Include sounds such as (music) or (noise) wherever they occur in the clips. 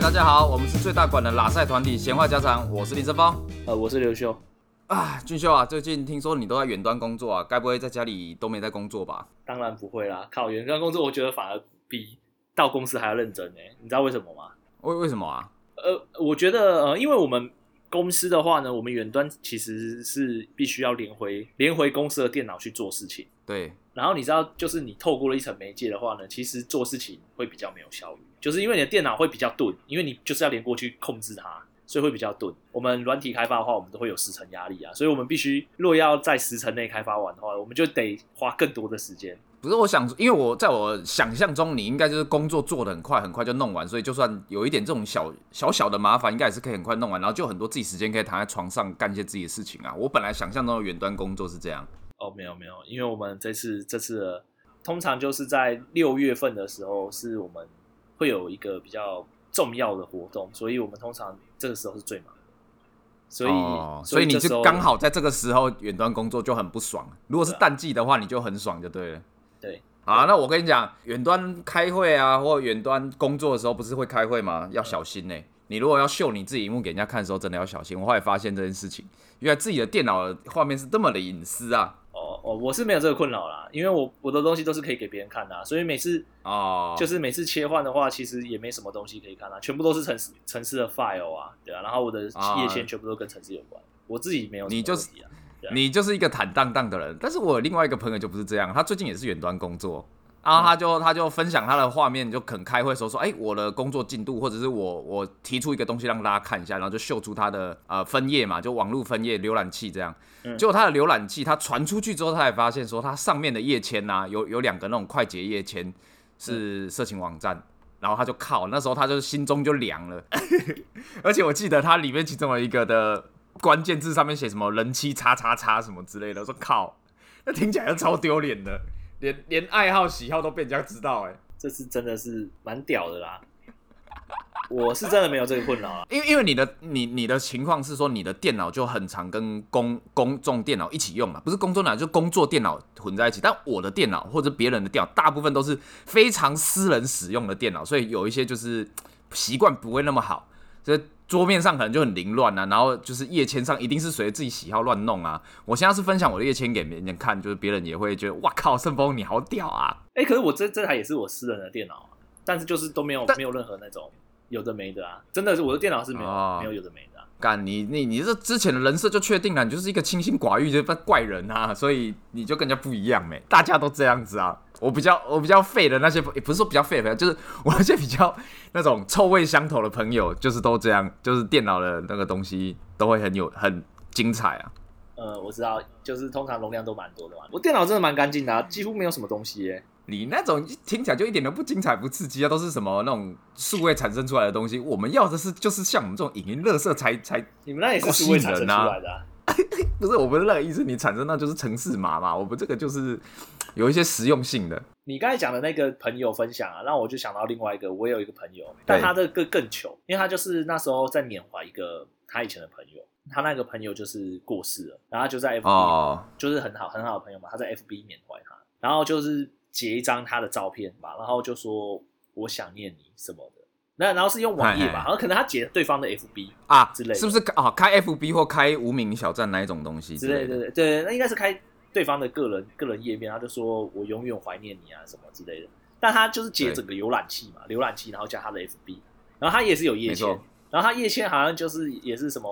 大家好，我們是最大館的拉塞團體閒話家常。我是李正峰，呃，我是劉修啊，峻岫啊，最近聽說你都在遠端工作啊，該不會在家裡都沒在工作吧？當然不會啦，靠遠端工作，我覺得反而比到公司還要認真呢、欸。你知道為什麼嗎？為為什麼啊？呃，我覺得呃，因為我們公司的話呢，我們遠端其實是必須要連回連回公司的電腦去做事情。對，然後你知道，就是你透過了一層媒介的話呢，其實做事情會比較沒有效率。就是因為你的電腦會比較鈍，因為你就是要連過去控制它，所以會比較鈍。我們軟體開發的話，我們都會有時程壓力啊，所以我們必須若要在時程內開發完的話，我們就得花更多的時間。不是我想，因為我在我想象中，你應該就是工作做得很快，很快就弄完，所以就算有一點這種小小小的麻煩，應該也是可以很快弄完，然後就很多自己時間可以躺在床上幹一些自己的事情啊。我本來想象中的遠端工作是這樣。哦，沒有沒有，因為我們這次這次通常就是在六月份的時候是我們。會有一個比較重要的活動，所以我們通常這個時候是最忙，所以，哦，所以，所以你就剛好在這個時候遠端工作就很不爽。如果是淡季的話，你就很爽就對了。對，好、啊，那我跟你講，遠端開會啊，或遠端工作的時候，不是會開會嗎？要小心呢、欸呃。你如果要秀你自己螢幕給人家看的時候，真的要小心。我後來發現這件事情，原來自己的電腦的畫面是這麼的隱私啊。哦、oh，我是沒有這個困擾啦，因為我我的東西都是可以給別人看的，所以每次哦，oh. 就是每次切換的話，其實也沒什麼東西可以看啦，全部都是程式程式的 file 啊，對啊，然後我的業線全部都跟程式有關，oh. 我自己沒有、啊，你就是，啊，你就是一個坦荡荡的人，但是我另外一個朋友就不是這樣，他最近也是遠端工作。然後他就、嗯、他就分享他的畫面，就肯開會時候說，哎、欸，我的工作進度，或者是我我提出一個東西讓大家看一下，然後就秀出他的呃分頁嘛，就網絡分頁瀏覽器這樣、嗯。結果他的瀏覽器他傳出去之後，他才發現說他上面的頁籤啊，有有兩個那種快捷頁籤是色情網站、嗯，然後他就靠，那時候他就心中就涼了。 (laughs) 而且我記得他裡面其中一個的關鍵字上面寫什麼人妻叉叉叉什麼之類的，我說靠，那聽起來就超丟臉的。連連愛好、喜好，都被人家知道、欸，哎，這是真的是蠻屌的啦！我是真的沒有這個困擾啊，因 (laughs) 為，因為你的你你的情況是說，你的電腦就很常跟公公眾電腦一起用嘛，不是公眾電腦就是、工作電腦混在一起。但我的電腦或者別人的電腦，大部分都是非常私人使用的電腦，所以有一些就是習慣不會那麼好，所以。桌面上可能就很凌亂啊，然後就是頁籤上一定是隨着自己喜好亂弄啊。我現在是分享我的頁籤給別人看，就是別人也會覺得哇靠，順豐你好屌啊！哎、欸，可是我這這台也是我私人的電腦，但是就是都沒有沒有任何那種有的沒的啊，真的是我的電腦是沒有、哦、沒有有的沒的、啊。幹你你你這之前的人設就確定了、啊，你就是一個清心寡欲的怪人啊，所以你就跟人家不一樣唄、欸，大家都這樣子啊。我比較我比較廢的那些，也不是說比較廢的朋友，就是我那些比較那種臭味相投的朋友，就是都這樣，就是電腦的那個東西都會很有很精彩啊。呃，我知道，就是通常容量都蠻多的嘛。我電腦真的蠻乾淨的、啊，幾乎沒有什麼東西、欸。你那種聽起來就一點都不精彩不刺激啊，都是什麼那種數位產生出來的東西。我們要的是就是像我們這種影音垃圾才才，你們那也是數位產生出來的、啊。哦 (laughs) 不是，我不是那個意思。你產生那就是城市嘛嘛，我們這個就是有一些實用性的。你剛才講的那個朋友分享啊，讓我就想到另外一個。我有一個朋友，但他這個更糗，因為他就是那時候在緬懷一個他以前的朋友。他那個朋友就是過世了，然後他就在 FB，、oh. 就是很好很好的朋友嘛，他在 FB 緬懷他，然後就是截一張他的照片嘛，然後就說我想念你什麼。那然後是用網頁吧，然後可能他截對方的 FB 啊之類的啊，是不是啊？開 FB 或開無名小站那一種東西之類的？對對對，對，對，對，那應該是開對方的個人個人頁面，他就說我永遠懷念你啊什麼之類的。但他就是截整個瀏覽器嘛，瀏覽器然後加他的 FB，然後他也是有頁籤，然後他頁籤好像就是也是什麼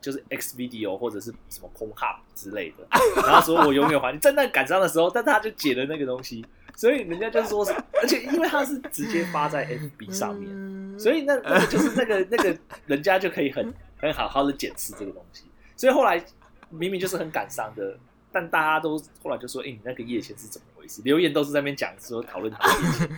就是 Xvideo 或者是什麼 PornHub 之類的， (laughs) 然後說我永遠懷念。 (laughs) 你在那趕上的時候，但他就截了那個東西。所以人家就說，而且因為他是直接發在 FB 上面，所以那，那個，就是那個那個人家就可以很很好好的檢視這個東西。所以後來明明就是很感傷的，但大家都後來就說：“哎，欸，你那個夜線是怎麼回事？”留言都是在那邊講說討論討論，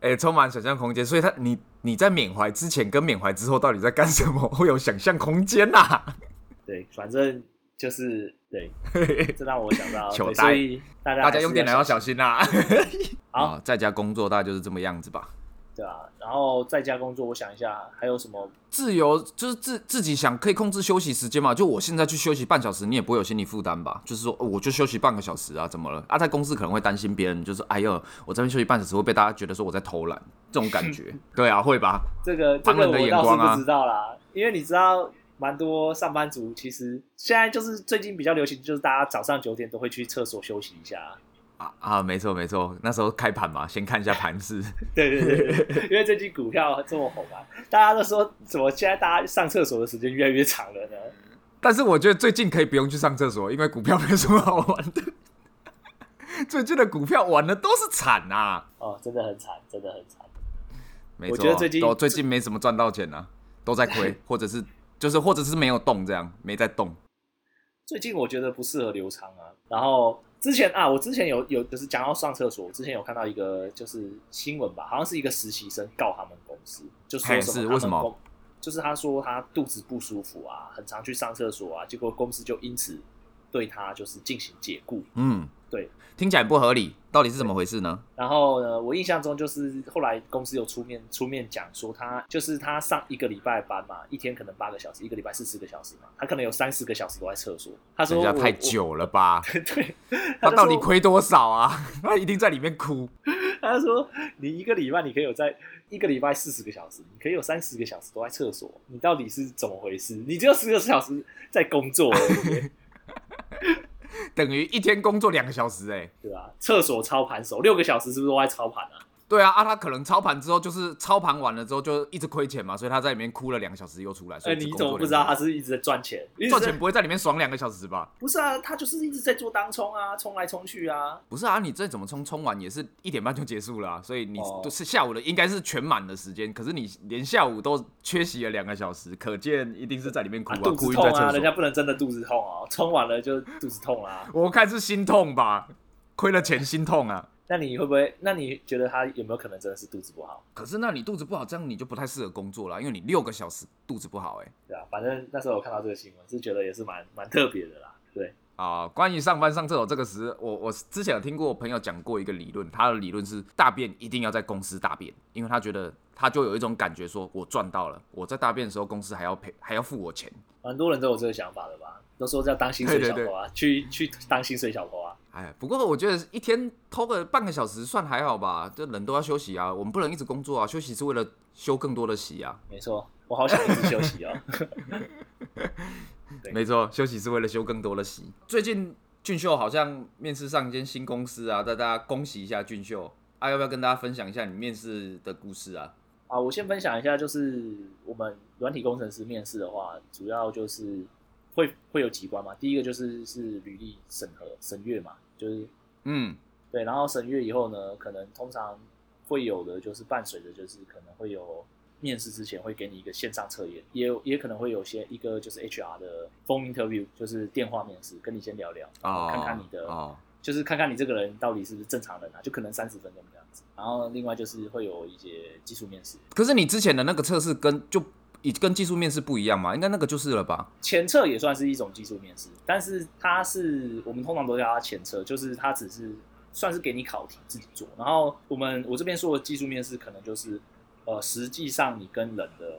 哎，欸，充滿想象空間。所以他你你在緬懷之前跟緬懷之後到底在幹什麼？會有想象空間吶，啊？對，反正。就是對，這讓我想到 (laughs) 求，所以大家大家用電腦要小心啦、啊。 (laughs) 好，在家工作大概就是這麼樣子吧。對啊，然後在家工作，我想一下還有什麼自由，就是自自己想可以控制休息時間嘛。就我現在去休息半小時，你也不會有心理負擔吧？就是說、呃，我就休息半個小時啊，怎麼了？啊，在公司可能會擔心別人，就是哎呦，我在這邊休息半小時會被大家覺得說我在偷懶，這種感覺。 (laughs) 對啊，會吧？這個這個，我倒是不知道啦、啊，因為你知道。蠻多上班族，其實現在就是最近比較流行，就是大家早上九點都會去廁所休息一下啊啊，沒錯沒錯，那時候開盤嘛，先看一下盤勢， (laughs) 對，對對對，因為最近股票這麼紅嘛、啊，大家都說怎麼現在大家上廁所的時間越來越長了呢？但是我覺得最近可以不用去上廁所，因為股票沒什麼好玩的。 (laughs) 最近的股票玩的都是慘啊！哦，真的很慘，真的很慘。沒錯，最近都最近沒什麼賺到錢啊，都在虧， (laughs) 或者是。就是，或者是沒有動這樣，沒在動。最近我覺得不適合劉暢啊。然後之前啊，我之前有有就是講到上廁所，我之前有看到一個就是新聞吧，好像是一個實習生告他們公司，就說什麼他是為什麼？就是他說他肚子不舒服啊，很常去上廁所啊，結果公司就因此對他就是進行解雇。嗯。對，聽起來不合理，到底是怎麼回事呢？然後呢，我印象中就是後來公司又出面出面講說他，他就是他上一個禮拜班嘛，一天可能八個小時，一個禮拜四十個小時嘛，他可能有三十個小時都在廁所。他說我太久了吧？對他，他到底虧多少啊？他一定在裡面哭。 (laughs) 他說：“你一個禮拜你可以有在一個禮拜四十個小時，你可以有三十個小時都在廁所，你到底是怎麼回事？你只有四個小時在工作。 (laughs) ”等於一天工作兩個小時。欸，哎，對啊，廁所操盤手六個小時是不是都在操盤啊？對啊，啊，他可能操盤之後就是操盤完了之後就一直虧錢嘛，所以他在裡面哭了兩個小時又出來。以、欸、你怎麼不知道他是一直在賺錢？賺錢不會在裡面爽兩個小時吧？不是啊，他就是一直在做當沖啊，沖來沖去啊。不是啊，你這怎麼沖？沖完也是一點半就結束了。啊，所以你都是下午的應該是全滿的時間，可是你連下午都缺席了兩個小時，可見一定是在裡面哭啊，故、啊、意、啊、在廁所啊，人家不能真的肚子痛啊，沖完了就肚子痛啊。 (laughs) 我看是心痛吧，虧了錢心痛啊。那你會不會？那你覺得他有沒有可能真的是肚子不好？可是，那你肚子不好，這樣你就不太適合工作了，因為你六個小時肚子不好、欸，哎。對啊，反正那時候我看到這個新聞，是覺得也是蠻蠻特別的啦，對。啊、呃，關於上班上廁所這個事，我我之前有聽過我朋友講過一個理論，他的理論是大便一定要在公司大便，因為他覺得他就有一種感覺說，我賺到了，我在大便的時候公司還要賠還要付我錢。蠻多人都有這個想法的吧？都說要當薪水小偷啊，對對對，去去當薪水小偷、啊。哎，不過我覺得一天偷個半個小時算還好吧。這人都要休息啊，我們不能一直工作啊。休息是為了休更多的習啊。沒錯，我好想一直休息啊。 (laughs) (laughs) 沒錯，休息是為了休更多的習。最近峻岫好像面試上一間新公司啊，大家恭喜一下峻岫啊！要不要跟大家分享一下你面試的故事啊？啊，我先分享一下，就是我們軟體工程師面試的話，主要就是會會有幾關嘛。第一個就是是履歷審核審閱嘛。就是，嗯，對，然後審閱以後呢，可能通常會有的就是伴隨的，就是可能會有面試之前會給你一個線上測驗，也也可能會有些一個就是 HR 的 phone interview，就是電話面試，跟你先聊聊，哦、然後看看你的、哦，就是看看你這個人到底是不是正常人啊，就可能三十分鐘這樣子。然後另外就是會有一些技術面試。可是你之前的那個測試跟就。跟技術面試不一樣嗎？應該那個就是了吧？前測也算是一種技術面試，但是它是我們通常都叫它前測，就是它只是算是給你考題自己做。然後我們我這邊說的技術面試，可能就是呃，實際上你跟人的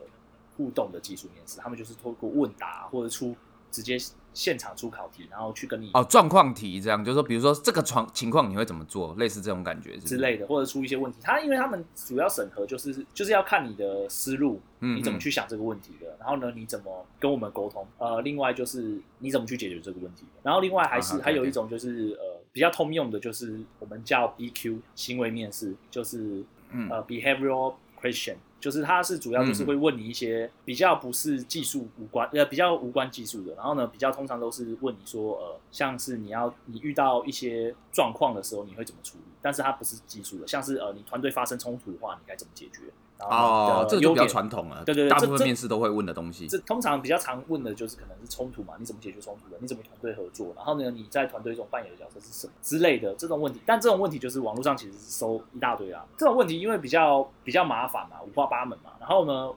互動的技術面試，他們就是透過問答或者出直接。現場出考題，然後去跟你哦，狀況題這樣，就是說，比如說這個床情況，你會怎麼做？類似這種感覺是不是之類的，或者出一些問題。他因為他們主要審核，就是就是要看你的思路，你怎麼去想這個問題的。嗯嗯，然後呢，你怎麼跟我們溝通？呃，另外就是你怎麼去解決這個問題的。然後另外還是、啊、哈哈還有一種就是呃對對對，比較通用的，就是我們叫 BQ 行為面試，就是、嗯、呃 behavioral question。就是它是主要就是會問你一些比較不是技術無關、嗯、呃比較無關技術的，然後呢，比較通常都是問你說呃，像是你要你遇到一些狀況的時候，你會怎麼處理，但是它不是技術的，像是呃你團隊發生衝突的話，你該怎麼解決？哦，這個就比較傳統了，對對對，大部分面試都會問的東西。這，這，這通常比較常問的就是可能是衝突嘛，你怎麼解決衝突的啊？你怎麼團隊合作？然後呢，你在團隊中扮演的角色是什麼之類的這種問題。但這種問題就是網絡上其實是搜一大堆啊。這種問題因為比較比較麻煩嘛，五花八門嘛。然後呢，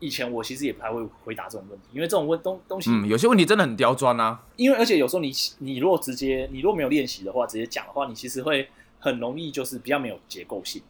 以前我其實也不太會回答這種問題，因為這種問東東西，嗯，有些問題真的很刁鑽啊。因為而且有時候你你如果直接你如果沒有練習的話，直接講的話，你其實會很容易就是比較沒有結構性。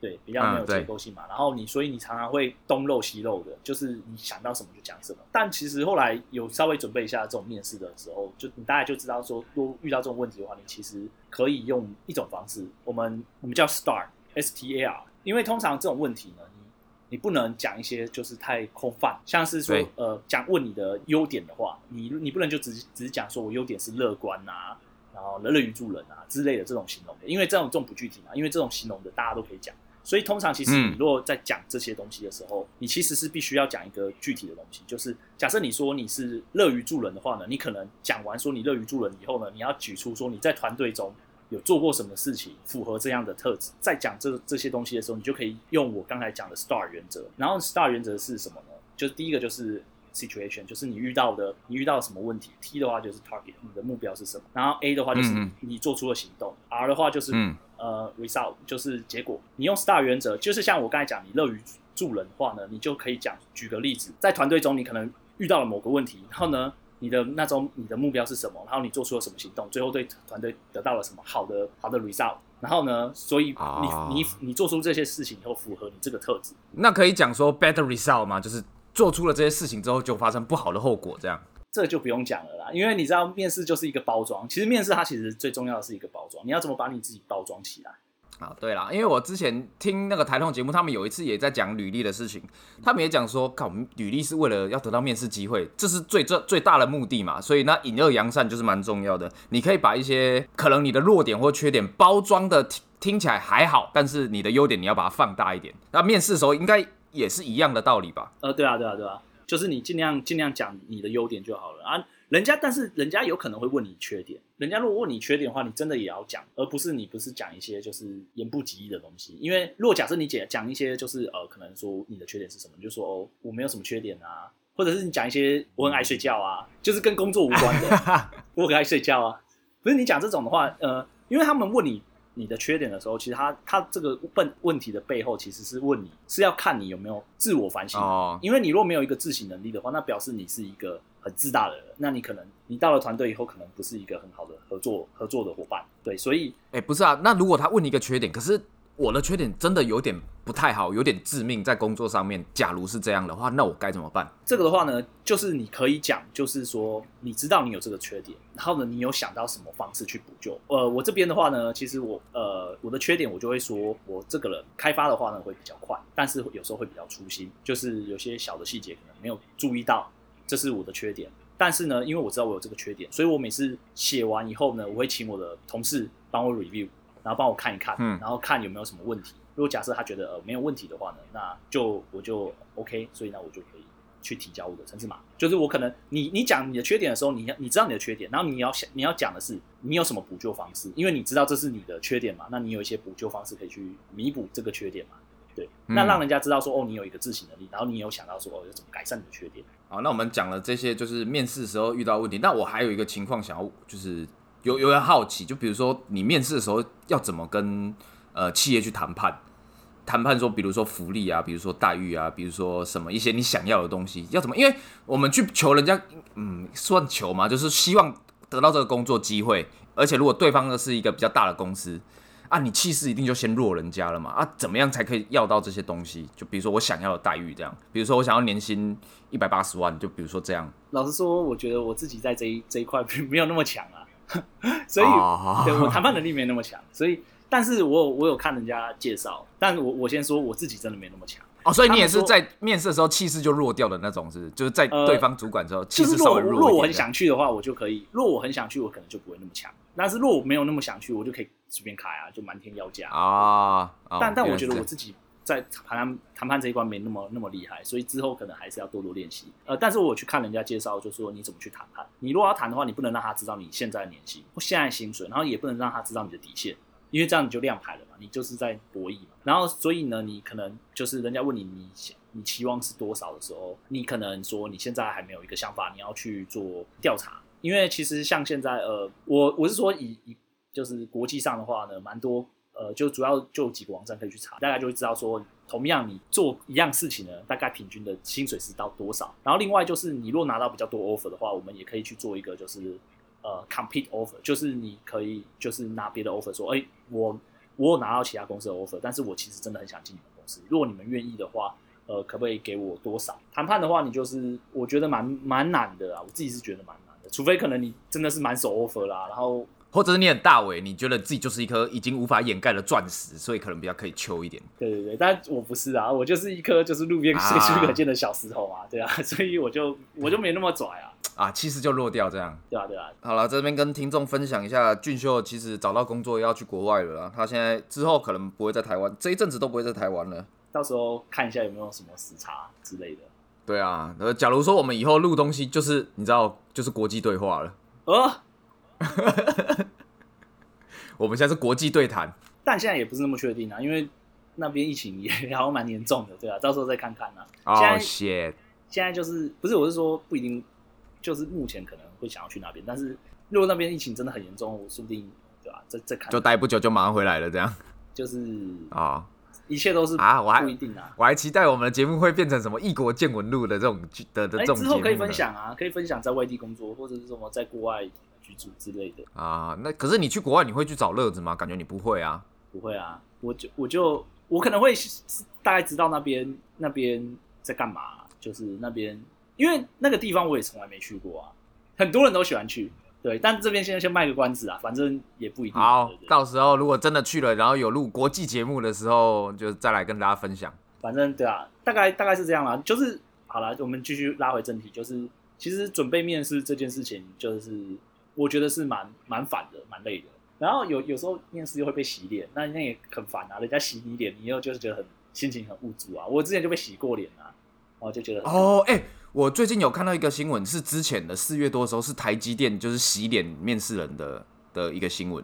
對，比較沒有結構性嘛、啊，然後你所以你常常會東漏西漏的，就是你想到什麼就講什麼。但其實後來有稍微準備一下這種面試的時候，就你大概就知道說，如果遇到這種問題的話，你其實可以用一種方式，我們我們叫 STAR S T A R，因為通常這種問題呢，你你不能講一些就是太空泛，像是說呃，講問你的優點的話，你你不能就只只講說我優點是樂觀啊，然後樂於助人啊之類的這種形容，因為這種這種不具體嘛、啊，因為這種形容的大家都可以講。所以通常其實你如果在講這些東西的時候、嗯，你其實是必須要講一個具體的東西。就是假設你說你是樂於助人的話呢，你可能講完說你樂於助人以後呢，你要舉出說你在團隊中有做過什麼事情符合這樣的特質。在講這這些東西的時候，你就可以用我剛才講的 STAR 原則。然後 STAR 原則是什麼呢？就是第一個就是 situation，就是你遇到的你遇到什麼問題。T 的話就是 target，你的目標是什麼？然後 A 的話就是你做出了行動。嗯、R 的話就是、嗯呃，result 就是結果。你用 STAR 原則，就是像我剛才講，你樂於助人的話呢，你就可以講。舉個例子，在團隊中，你可能遇到了某個問題，然後呢，你的那種你的目標是什麼？然後你做出了什麼行動？最後對團隊得到了什麼好的好的 result？然後呢，所以你、哦、你你做出這些事情以後，符合你這個特質。那可以講說 bad result 嗎？就是做出了這些事情之後，就發生不好的後果這樣。這就不用講了啦，因為你知道面試就是一個包裝，其實面試它其實最重要的是一個包裝，你要怎麼把你自己包裝起來？啊，對啦，因為我之前聽那個台通節目，他們有一次也在講履歷的事情，他們也講說，靠，履歷是為了要得到面試機會，這是最最最大的目的嘛，所以那隱惡揚善就是蠻重要的，你可以把一些可能你的弱點或缺點包裝的聽聽起來還好，但是你的優點你要把它放大一點，那面試的時候應該也是一樣的道理吧？呃，對啊，對啊，對啊。就是你盡量盡量講你的優點就好了啊，人家，但是人家有可能會問你缺點，人家如果問你缺點的話，你真的也要講，而不是你不是講一些就是言不及義的東西。因為如果假設你講講一些就是呃，可能說你的缺點是什麼，就是說哦，我沒有什麼缺點啊，或者是你講一些我很愛睡覺啊，就是跟工作無關的， (laughs) (laughs) 我很愛睡覺啊，不是你講這種的話，呃，因為他們問你，你的缺點的時候，其實他他這個問問題的背後，其實是問你是要看你有沒有自我反省。哦，因為你若沒有一個自省能力的話，那表示你是一個很自大的人，那你可能你到了團隊以後，可能不是一個很好的合作合作的夥伴。對，所以，哎，不是啊，那如果他問你一個缺點，可是。我的缺點真的有點不太好，有點致命，在工作上面。假如是這樣的話，那我該怎麼辦？這個的話呢，就是你可以講，就是說你知道你有這個缺點，然後呢，你有想到什麼方式去補救？呃，我這邊的話呢，其實我呃我的缺點，我就會說我這個人開發的話呢會比較快，但是有時候會比較粗心，就是有些小的細節可能沒有注意到，這是我的缺點。但是呢，因為我知道我有這個缺點，所以我每次寫完以後呢，我會請我的同事幫我 review。然後幫我看一看，然後看有沒有什麼問題。嗯、如果假設他覺得呃沒有問題的話呢，那就我就 OK。所以呢，我就可以去提交我的程式嘛。就是我可能你你講你的缺點的時候，你要你知道你的缺點，然後你要你要講的是你有什麼補救方式，因為你知道這是你的缺點嘛，那你有一些補救方式可以去彌補這個缺點嘛，對、對、對、嗯。那讓人家知道說哦，你有一個自省能力，然後你有想到說哦要怎麼改善你的缺點。好，那我們講了這些就是面試的時候遇到的問題。那我還有一個情況想要就是。有有點好奇，就比如說你面試的時候要怎麼跟呃企業去談判？談判說，比如說福利啊，比如說待遇啊，比如說什麼一些你想要的東西，要怎麼？因為我們去求人家，嗯，算求嘛，就是希望得到這個工作機會。而且如果對方呢是一個比較大的公司啊，你氣勢一定就先弱人家了嘛啊？怎麼樣才可以要到這些東西？就比如說我想要的待遇這樣，比如說我想要年薪一百八十萬，就比如說這樣。老實說，我覺得我自己在這一這一塊沒有那麼強啊。 (laughs) 所以、oh. 對我談判能力沒那麼強，所以但是我我有看人家介紹，但是我我先說我自己真的沒那麼強哦，所以你也是在面試的時候氣勢就弱掉的那種是是，是、呃、就是在對方主管的時候，氣勢稍微弱一點。如果、就是、我很想去的話，我就可以；如果我很想去，我可能就不會那麼強。但是如果我沒有那麼想去，我就可以隨便開啊，就漫天要價啊。Oh. Oh. 但但我覺得我自己。在談判談判這一關沒那麼那麼厲害，所以之後可能還是要多多練習。呃，但是我去看人家介紹，就是說你怎麼去談判。你如果要談的話，你不能讓他知道你現在的年薪或現在的薪水，然後也不能讓他知道你的底線，因為這樣你就亮牌了嘛，你就是在博弈嘛。然後所以呢，你可能就是人家問你你你期望是多少的時候，你可能說你現在還沒有一個想法，你要去做調查。因為其實像現在呃，我我是說以以就是國際上的話呢，蠻多。呃，就主要就幾個網站可以去查，大家就會知道說，同樣你做一樣事情呢，大概平均的薪水是到多少。然後另外就是，你若拿到比較多 offer 的話，我們也可以去做一個就是，呃，compete offer，就是你可以就是拿別的 offer 說，哎、欸，我我有拿到其他公司的 offer，但是我其實真的很想進你們公司，如果你們願意的話，呃，可不可以給我多少？談判的話，你就是我覺得蠻蠻難的啊，我自己是覺得蠻難的，除非可能你真的是滿手 offer 啦，然後。或者是你很大尾，你覺得自己就是一顆已經無法掩蓋的鑽石，所以可能比較可以秋一點。對對對，但我不是啊，我就是一顆就是路邊隨處可見的小石頭啊，啊，對啊，所以我就我就沒那麼拽啊啊，其實就落掉這樣。對啊對啊，好了，這邊跟聽眾分享一下，峻岫其實找到工作要去國外了啦，他現在之後可能不會在台灣，這一陣子都不會在台灣了。到時候看一下有沒有什麼時差之類的。對啊，假如說我們以後錄東西，就是你知道，就是國際對話了。呃、哦。哈哈，我們現在是國際對談，但現在也不是那麼確定啊，因為那邊疫情也好像蠻嚴重的，對啊，到時候再看看啊謝、oh, 現在現在就是不是，我是說不一定，就是目前可能會想要去那邊，但是如果那邊疫情真的很嚴重，我說不定對吧、啊？這這看，看就待不久就馬上回來了，這樣就是啊，oh. 一切都是啊，啊，我還不一定啊，我還期待我們的節目會變成什麼異國見聞錄的這種的的這種節目，欸、之後可以分享啊，可以分享在外地工作或者是什麼在國外。劇組之類的啊，那可是你去國外你會去找樂子嗎？感覺你不會啊，不會啊，我就我就我可能會大概知道那邊那邊在幹嘛啊，就是那邊因為那個地方我也從來沒去過啊，很多人都喜歡去，對，但這邊現在先賣個關子啊，反正也不一定啊，好哦，對對對，到時候如果真的去了，然後有錄國際節目的時候，就再來跟大家分享。反正對啊，大概大概是這樣啦，就是好了，我們繼續拉回正題，就是其實準備面試這件事情，就是。我覺得是蠻蠻煩的，蠻累的。然後有有時候面試又會被洗臉，那那也很煩啊。人家洗你臉，你又就是覺得很心情很鬱卒啊。我之前就被洗過臉啊，我就覺得。哦，哎、欸，我最近有看到一個新聞，是之前的四月多的時候，是台積電就是洗臉面試人的的一個新聞。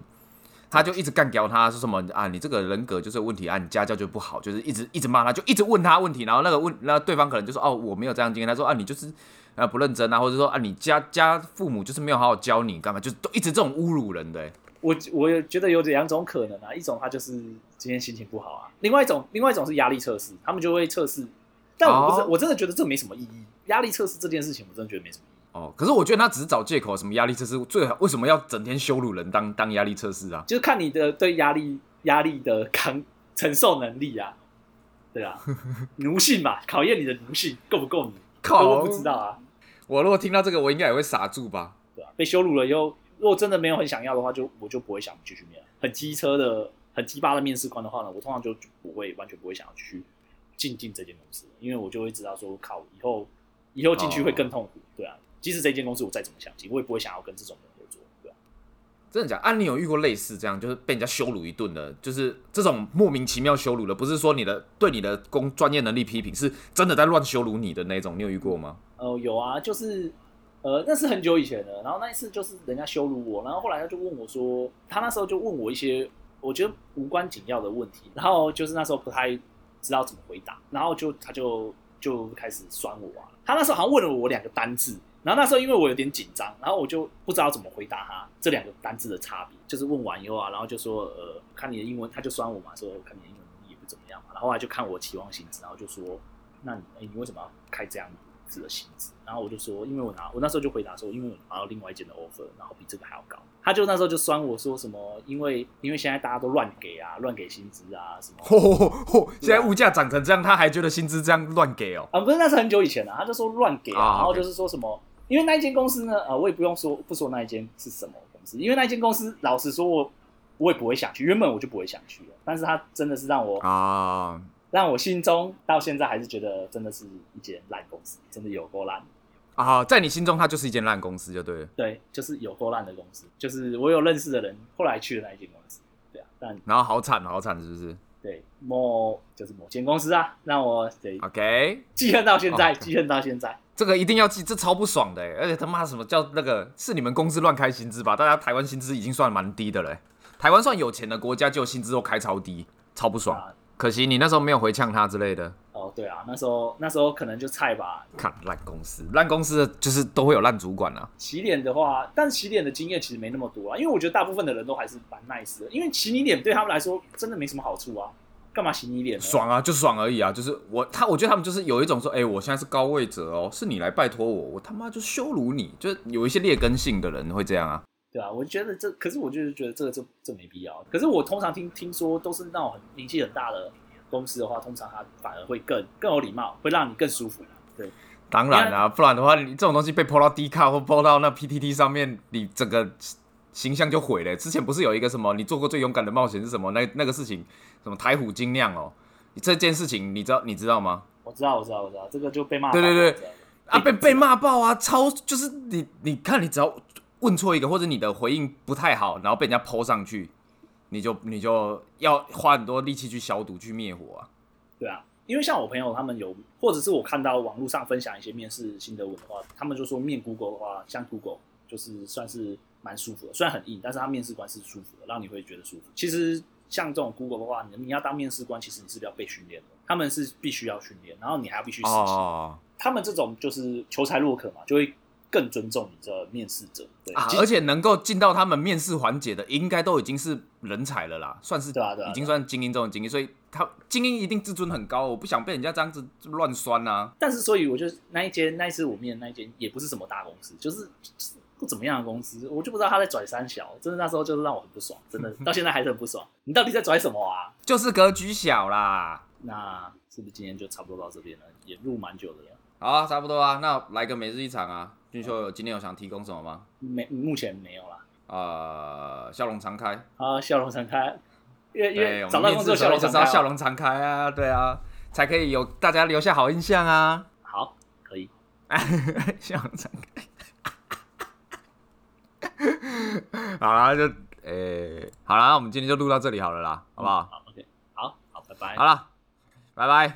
他就一直幹譙他，說什麼啊，你這個人格就是有問題啊，你家教就不好，就是一直一直罵他，就一直問他問題，然後那個問，那對方可能就說，哦，我沒有這樣經驗，他說啊你就是啊不認真啊，或者說啊你家家父母就是沒有好好教你幹嘛，剛剛就都一直這種侮辱人的、欸。我我也覺得有兩種可能啊，一種他就是今天心情不好啊，另外一種另外一種是壓力測試，他們就會測試，但我不是、哦、我真的覺得這沒什麼意義，壓力測試這件事情我真的覺得沒什麼意義。哦，可是我覺得他只是找借口，什麼壓力測試最好？為什麼要整天羞辱人當當壓力測試啊？就是看你的對壓力壓力的抗承受能力啊。對啊， (laughs) 奴性吧，考驗你的奴性夠不夠你？靠，我不,不知道啊。我如果聽到這個，我應該也會傻住吧？對啊，被羞辱了以後，如果真的沒有很想要的話，就我就不會想繼續面了。很機車的、很雞巴的面試官的話呢，我通常就不會完全不會想要去進進這間公司，因為我就會知道說，考以後以後進去會更痛苦。哦、對啊。其實這間公司我再怎麼想，我也不會想要跟這種人合作，對吧、啊？真的假的？按、啊、你有遇過類似這樣，就是被人家羞辱一頓的，就是這種莫名其妙羞辱的，不是說你的對你的工專業能力批評，是真的在亂羞辱你的那種，你有遇過嗎？哦、呃，有啊，就是呃，那是很久以前了。然後那一次就是人家羞辱我，然後後來他就問我說，他那時候就問我一些我覺得無關緊要的問題，然後就是那時候不太知道怎麼回答，然後就他就就開始酸我了、啊。他那時候好像問了我兩個單字。然後那時候因為我有點緊張，然後我就不知道怎麼回答他這兩個單字的差別，就是問完以後啊，然後就說呃，看你的英文，他就酸我嘛，說看你的英文能力也不怎麼樣嘛，然後他就看我期望薪資，然後就說那你誒你為什麼要開這樣子的薪資？然後我就說因為我拿我那時候就回答說因為我拿到另外一間的 offer，然後比這個還要高。他就那時候就酸我說什麼因為因為現在大家都亂給啊，亂給薪資啊什麼哦哦哦，現在物價漲成這樣，他還覺得薪資這樣亂給哦啊？不是那是很久以前了，啊，他就說亂給，啊，然後就是說什麼。啊 okay. 因為那一間公司呢，呃，我也不用說不說那一間是什麼公司？因為那一間公司，老實說我，我我也不會想去，原本我就不會想去的，但是它真的是讓我啊，讓我心中到現在還是覺得真的是一間爛公司，真的有夠爛啊，在你心中它就是一間爛公司就對了，對，就是有夠爛的公司，就是我有認識的人後來去了那一間公司，對啊，但然後好慘好慘，是不是？對，某就是某間公司啊，那我對，OK，啊，記恨到現在，okay. 記恨到現在，這個一定要記，這超不爽的，而且他媽什麼叫那個，是你們公司亂開薪資吧？大家台灣薪資已經算蠻低的了，台灣算有錢的國家，就有薪資都開超低，超不爽。Uh, 可惜你那時候沒有回嗆他之類的。對啊，那時候那時候可能就菜吧，看爛公司，爛公司的就是都會有爛主管啊。洗臉的話，但洗臉的經驗其實沒那麼多啊，因為我覺得大部分的人都還是蠻 nice 的，因為洗你臉對他們來說真的沒什麼好處啊，幹嘛洗你臉？爽啊，就爽而已啊，就是我他，我覺得他們就是有一種說，哎、欸，我現在是高位者哦，是你來拜託我，我他媽就羞辱你，就是有一些劣根性的人會這樣啊。對啊，我覺得這，可是我就是覺得這個這這沒必要。可是我通常聽聽說都是那種很名氣很大的。公司的話，通常他反而會更更有禮貌，會讓你更舒服。對，當然了、啊，不然的話，你這種東西被潑到 D 卡或潑到那 PTT 上面，你整個形象就毀了。之前不是有一個什麼你做過最勇敢的冒險是什麼？那那個事情什麼台虎精釀哦、喔，你這件事情你知道你知道嗎？我知道我知道我知道，這個就被罵。對對對，啊，被被罵爆啊，超就是你你看，你只要問錯一個，或者你的回應不太好，然後被人家潑上去。你就你就要花很多力氣去消毒，去滅火啊！對啊，因為像我朋友他們有，或者是我看到網絡上分享一些面試心得文的話，他們就說面 Google 的話，像 Google 就是算是蠻舒服的，雖然很硬，但是他面試官是舒服的，讓你會覺得舒服。其實像這種 Google 的話，你你要當面試官，其實你是要被訓練的，他們是必須要訓練，然後你還要必須實習、oh. 他們這種就是求才若渴嘛，就會。更尊重你的面試者。對、啊，對，而且能夠進到他們面試環節的，應該都已經是人才了啦，算是已經算精英中的精英，所以他精英一定自尊很高，哦，我不想被人家這樣子亂酸吶，啊啊。是是哦酸啊，但是所以我就是那一間，那一次我面的那一間也不是什麼大公司，就是，就是不怎麼樣的公司，我就不知道他在拽三小，真的，那時候就是讓我很不爽，真的到現在還是很不爽。 (laughs) 你到底在拽什麼啊？就是格局小啦。那是不是今天就差不多到這邊了？也錄蠻久的了。好啊，差不多啊，那來個每日一場啊。峻岫，有今天有想提供什麼嗎？沒，目前沒有了。啊、呃，笑容常開啊，笑容常開，因為因為找到工作，至少笑容常開啊，對啊，才可以有大家留下好印象啊。好，可以，笑容常開 (laughs) 好啦、欸。好了，就誒，好了，我們今天就錄到這裡好了啦，好不好？嗯、好，OK，好好，拜拜。好了，拜拜。